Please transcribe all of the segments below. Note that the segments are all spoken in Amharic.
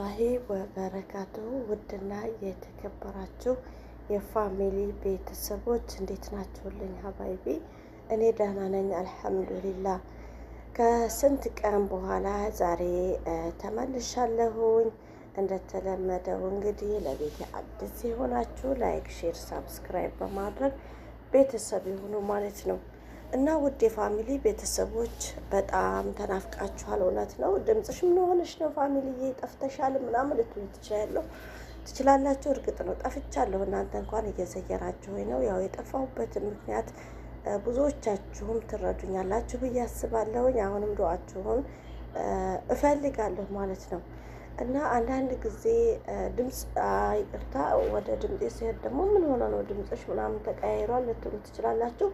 ወረህመቱላሂ ወበረካቱ ውድና የተከበራችሁ የፋሚሊ ቤተሰቦች እንዴት ናችሁልኝ? ሀባይቢ እኔ ደህና ነኝ፣ አልሐምዱሊላ። ከስንት ቀን በኋላ ዛሬ ተመልሻለሁኝ። እንደተለመደው እንግዲህ ለቤት አዲስ የሆናችሁ ላይክ፣ ሼር፣ ሳብስክራይብ በማድረግ ቤተሰብ የሆኑ ማለት ነው እና ውድ የፋሚሊ ቤተሰቦች በጣም ተናፍቃችኋል። እውነት ነው። ድምፅሽ ምን ሆነሽ ነው ፋሚሊዬ ጠፍተሻል ምናምን ልትሉ ትችላለሁ ትችላላችሁ። እርግጥ ነው ጠፍቻለሁ። እናንተ እንኳን እየዘየራችሁ ነው። ያው የጠፋሁበትን ምክንያት ብዙዎቻችሁም ትረዱኛላችሁ ብዬ አስባለሁኝ። አሁንም ዱዓችሁን እፈልጋለሁ ማለት ነው እና አንዳንድ ጊዜ ድምፅ ይቅርታ፣ ወደ ድምፅ ሲሄድ ደግሞ ምን ሆነ ነው ድምፅሽ ምናምን ተቀያይሯል ልትሉ ትችላላችሁ።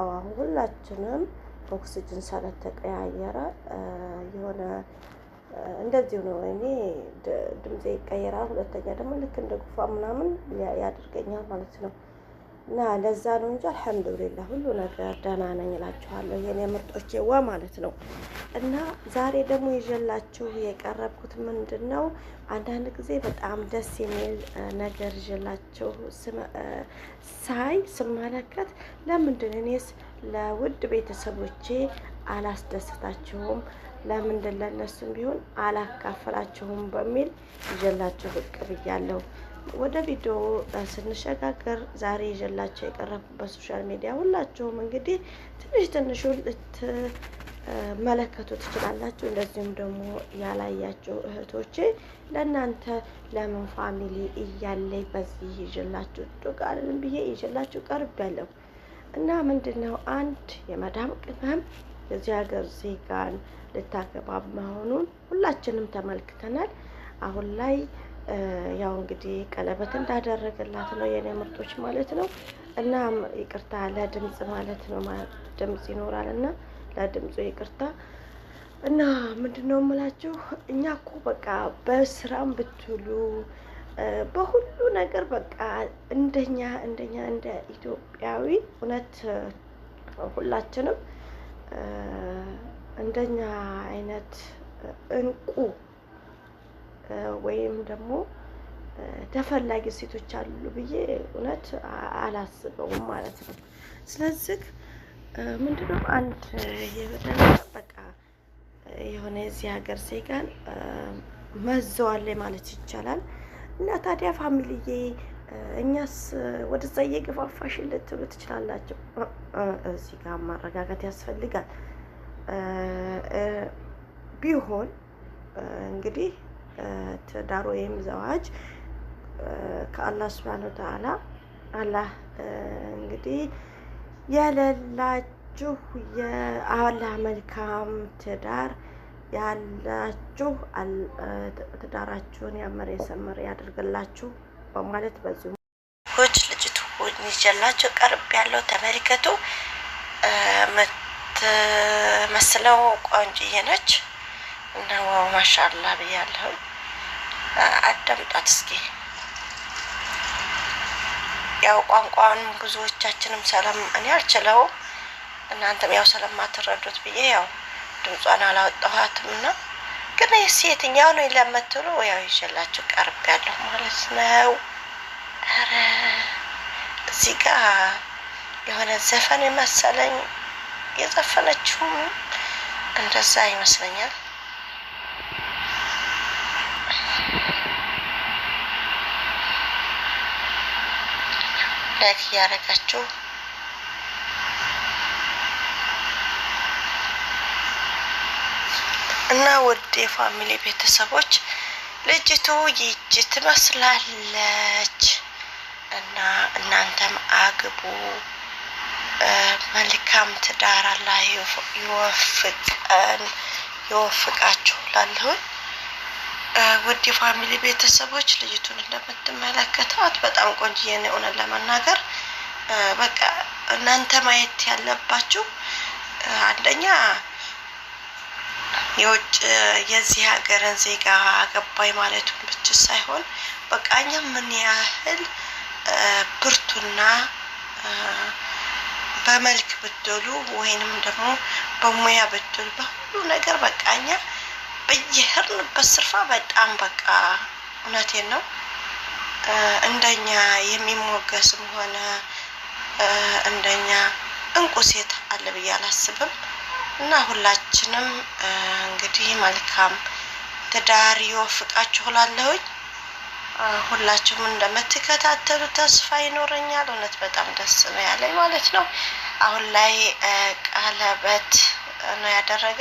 አሁን ሁላችንም ኦክስጅን ስለተቀያየረ የሆነ እንደዚሁ ነው። እኔ ድምፄ ይቀየራል። ሁለተኛ ደግሞ ልክ እንደ ጉፋ ምናምን ያደርገኛል ማለት ነው። እና ለዛ ነው እንጂ አልሐምዱሊላህ ሁሉ ነገር ደህና ነኝ እላችኋለሁ። የኔ ምርጦቼ ዋ ማለት ነው። እና ዛሬ ደግሞ ይዤላችሁ የቀረብኩት ምንድን ነው፣ አንዳንድ ጊዜ በጣም ደስ የሚል ነገር ይዤላችሁ ሳይ ስመለከት፣ ለምንድን እኔስ ለውድ ቤተሰቦቼ አላስደስታችሁም ለምንድን ለእነሱም ቢሆን አላካፈላችሁም? በሚል ይዤላችሁ ብቅ ብያለሁ። ወደ ቪዲዮ ስንሸጋገር ዛሬ ይዤላቸው የቀረብኩት በሶሻል ሚዲያ ሁላችሁም እንግዲህ ትንሽ ትንሹ ልትመለከቱ ትችላላችሁ። እንደዚሁም ደግሞ ያላያችሁ እህቶቼ ለእናንተ ለምን ፋሚሊ እያለኝ በዚህ ይዤላችሁ ዶቃልንም ብዬ ይዤላችሁ ቀርብ ያለው እና ምንድን ነው አንድ የመዳም ቅመም የዚህ ሀገር ዜጋን ልታገባ መሆኑን ሁላችንም ተመልክተናል አሁን ላይ ያው እንግዲህ ቀለበት እንዳደረገላት ነው የኔ ምርጦች ማለት ነው። እና ይቅርታ ለድምፅ ማለት ነው ድምፅ ይኖራል እና ለድምፁ ይቅርታ። እና ምንድን ነው የምላችሁ እኛ እኮ በቃ በስራም ብትሉ በሁሉ ነገር በቃ እንደኛ እንደኛ እንደ ኢትዮጵያዊ እውነት ሁላችንም እንደኛ አይነት እንቁ ወይም ደግሞ ተፈላጊ ሴቶች አሉ ብዬ እውነት አላስበውም ማለት ነው። ስለዚህ ምንድነው አንድ የበደል በቃ የሆነ የዚህ ሀገር ዜጋን መዘዋለ ማለት ይቻላል። እና ታዲያ ፋሚሊዬ እኛስ ወደዛ እየገፋፋሽ ልትሉ ትችላላቸው። እዚህ ጋር ማረጋጋት ያስፈልጋል ቢሆን እንግዲህ ትዳር ወይም ዘዋጅ ከአላህ ስብሃነ ወተዓላ አላህ እንግዲህ የሌላችሁ የአላህ መልካም ትዳር ያላችሁ ትዳራችሁን ያመረ የሰመረ ያደርግላችሁ በማለት በዚሁ ልጅቱ ይዤላችሁ ቀርብ ያለው ተመልከቱ። የምትመስለው ቆንጅዬ ነች እና ዋው ማሻላ ብያለሁ። አዳምጧት እስኪ። ያው ቋንቋን ብዙዎቻችንም ሰላም እኔ አልችለውም፣ እናንተም ያው ስለማትረዱት ብዬ ያው ድምጿን አላወጣኋትም እና ግን የትኛው ነው ለምትሉ ያው ይዤላችሁ ቀርብ ያለሁ ማለት ነው። ኧረ እዚህ ጋ የሆነ ዘፈን የመሰለኝ የዘፈነችውም እንደዛ ይመስለኛል። ላይክ እያደረጋችሁ እና ውድ የፋሚሊ ቤተሰቦች ልጅቱ ይጅ ትመስላለች እና እናንተም አግቡ። መልካም ትዳር አላህ ይወፍቀን ይወፍቃችሁ ላለሁን ውድ የፋሚሊ ቤተሰቦች ልጅቱን እንደምትመለከተዋት በጣም ቆንጅዬ ነው። ለመናገር በቃ እናንተ ማየት ያለባችሁ አንደኛ የውጭ የዚህ ሀገርን ዜጋ አገባይ ማለቱን ብቻ ሳይሆን በቃ እኛ ምን ያህል ብርቱና በመልክ ብትሉ ወይንም ደግሞ በሙያ ብትሉ በሁሉ ነገር በቃ እኛ በየሄድንበት ስርፋ በጣም በቃ እውነቴን ነው። እንደኛ የሚሞገስም ሆነ እንደኛ እንቁ ሴት አለ ብዬ አላስብም። እና ሁላችንም እንግዲህ መልካም ትዳር ይወፍቃችሁ እላለሁኝ። ሁላችሁም እንደምትከታተሉ ተስፋ ይኖረኛል። እውነት በጣም ደስ ነው ያለኝ ማለት ነው። አሁን ላይ ቀለበት ነው ያደረገ